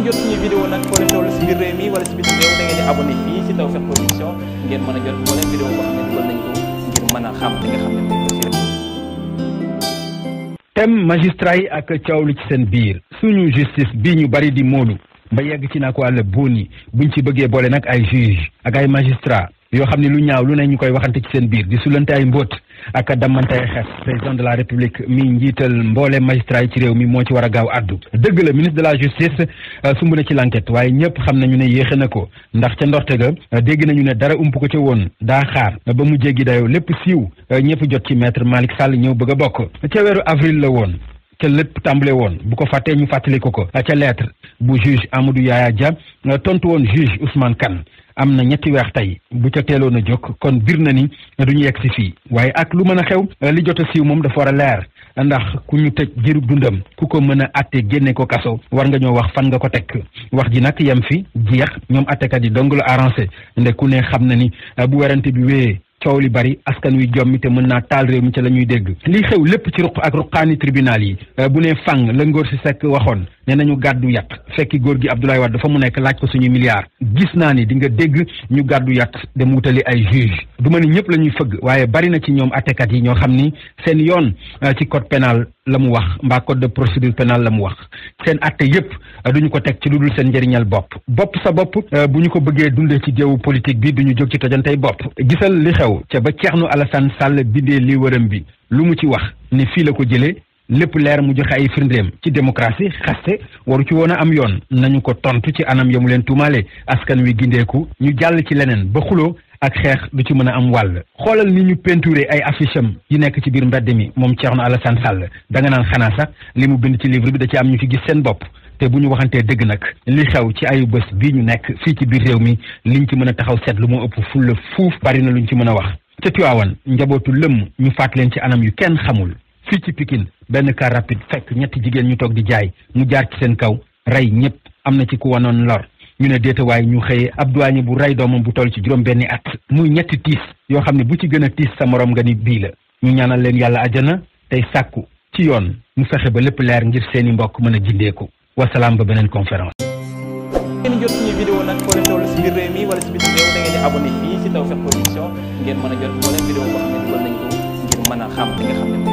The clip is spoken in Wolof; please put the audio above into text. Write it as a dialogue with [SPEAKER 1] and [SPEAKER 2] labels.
[SPEAKER 1] ngeen jot tem magistrat yi ak caawlu ci seen biir suñu justice bii ñu bari di moolu ba yegg ci naa ko àll buun buñ ci bëggee boole nag ay juge ak ay magistrat yoo xam ne lu ñaaw lu ne ñu koy waxante ci seen biir di sulante ay mbóot ak dammante ay xeet président de la république mi njiital mboole magistrat yi ci réew mi moo ci war a gaaw addu dëgg la ministre de la justice euh, sumb na ci l'enquête waaye ñëpp xam nañu ne yéexe na ko ndax ca ndorte ga euh, dégg nañu ne dara ump ko ca woon daa xaar euh, ba mu jéggi dayoo lépp siiw ñëpp jot ci maître Malick Sall ñëw bëgg a bokk ca weeru avril la woon ca lépp tàmbale woon bu ko fàttee ñu fàttali ko ko ca lettre bu juge Amadou Yaya Dia tontu woon juge Ousmane kan am na ñetti weex tey bu ca teeloon a jóg kon biir na ni duñu yegg si fii waaye ak lu mën a xew li jot a siiw moom dafa war a leer ndax ku ñu tëj jërub dundam ku ko mën a atte génne ko kaso war nga ñoo wax fan nga ko teg wax ji nag yem fi jeex ñoom attekat yi dong la arrangé nde ku ne xam na ni bu werante bi wéyee coow li bari askan wi jommi te mën naa taal réew mi ca la ñuy dégg li xew lépp ci ruq ak ruqaani tribunal yi euh, bu ne fang la ngóor si sekk waxoon ne nañu gàddu yàq fekki góor gi Abdoulaye Wade dafa mu nekk laaj ko suñu milliard gis naa ni di nga dégg ñu gàddu yàq dem wutali ay juge du ma ni ñëpp la ñuy fëgg waaye bari na ci ñoom attekat yi ñoo xam ni seen yoon euh, ci code pénal la mu wax mbaa code de procédure penal la mu wax seen atte yëpp euh, duñu ko teg ci lu dul seen njëriñal bopp bopp sa bopp euh, bu ñu ko bëggee dundee ci géewu politique bi du ñu jóg ci tojantey bopp gisal li xew ca ba Thierno Alassane Sall bindee li wërëm bi lu mu ci wax ni fii la ko jëlee lépp leer mu joxe ay firndeem ci démocratie xaste waru ci woon a am yoon nañu ko tontu ci anam mu leen tuumaale askan wi gindeeku ñu jàll ci leneen ba xuloo ak xeex du ci mën a am wàll xoolal ni ñu peinturé ay affiche am yi nekk ci biir mbedd mi moom Thierno Alassane Sall da nga naan xanaa sax li mu bind ci livre bi da ci am ñu ci gis seen bopp te bu ñu waxantee dëgg nag li xew ci ayu bés bii ñu nekk fii ci biir réew mi ñu ci mën a taxaw seet lu mu ëpp fulla bari na luñ ci mën a wax ca njabootu lëmm ñu faat leen ci anam yu kenn xamul fii ci benn car rapide fekk ñetti jigéen ñu toog di jaay mu jaar ci seen kaw rey ñëpp am na ci ku wanoon lor ñu ne déetawaay ñu xëyee ab douanier bu rey doomam bu toll ci juróom benni at muy ñetti tiis yoo xam ne bu ci gën a tiis sa morom nga ni bii la ñu ñaanal leen yàlla ajana tey sàkku ci yoon mu fexe ba lépp leer ngir seeni mbokk mën a jindeeku wasalaam ba beneen conférence ngeen a jot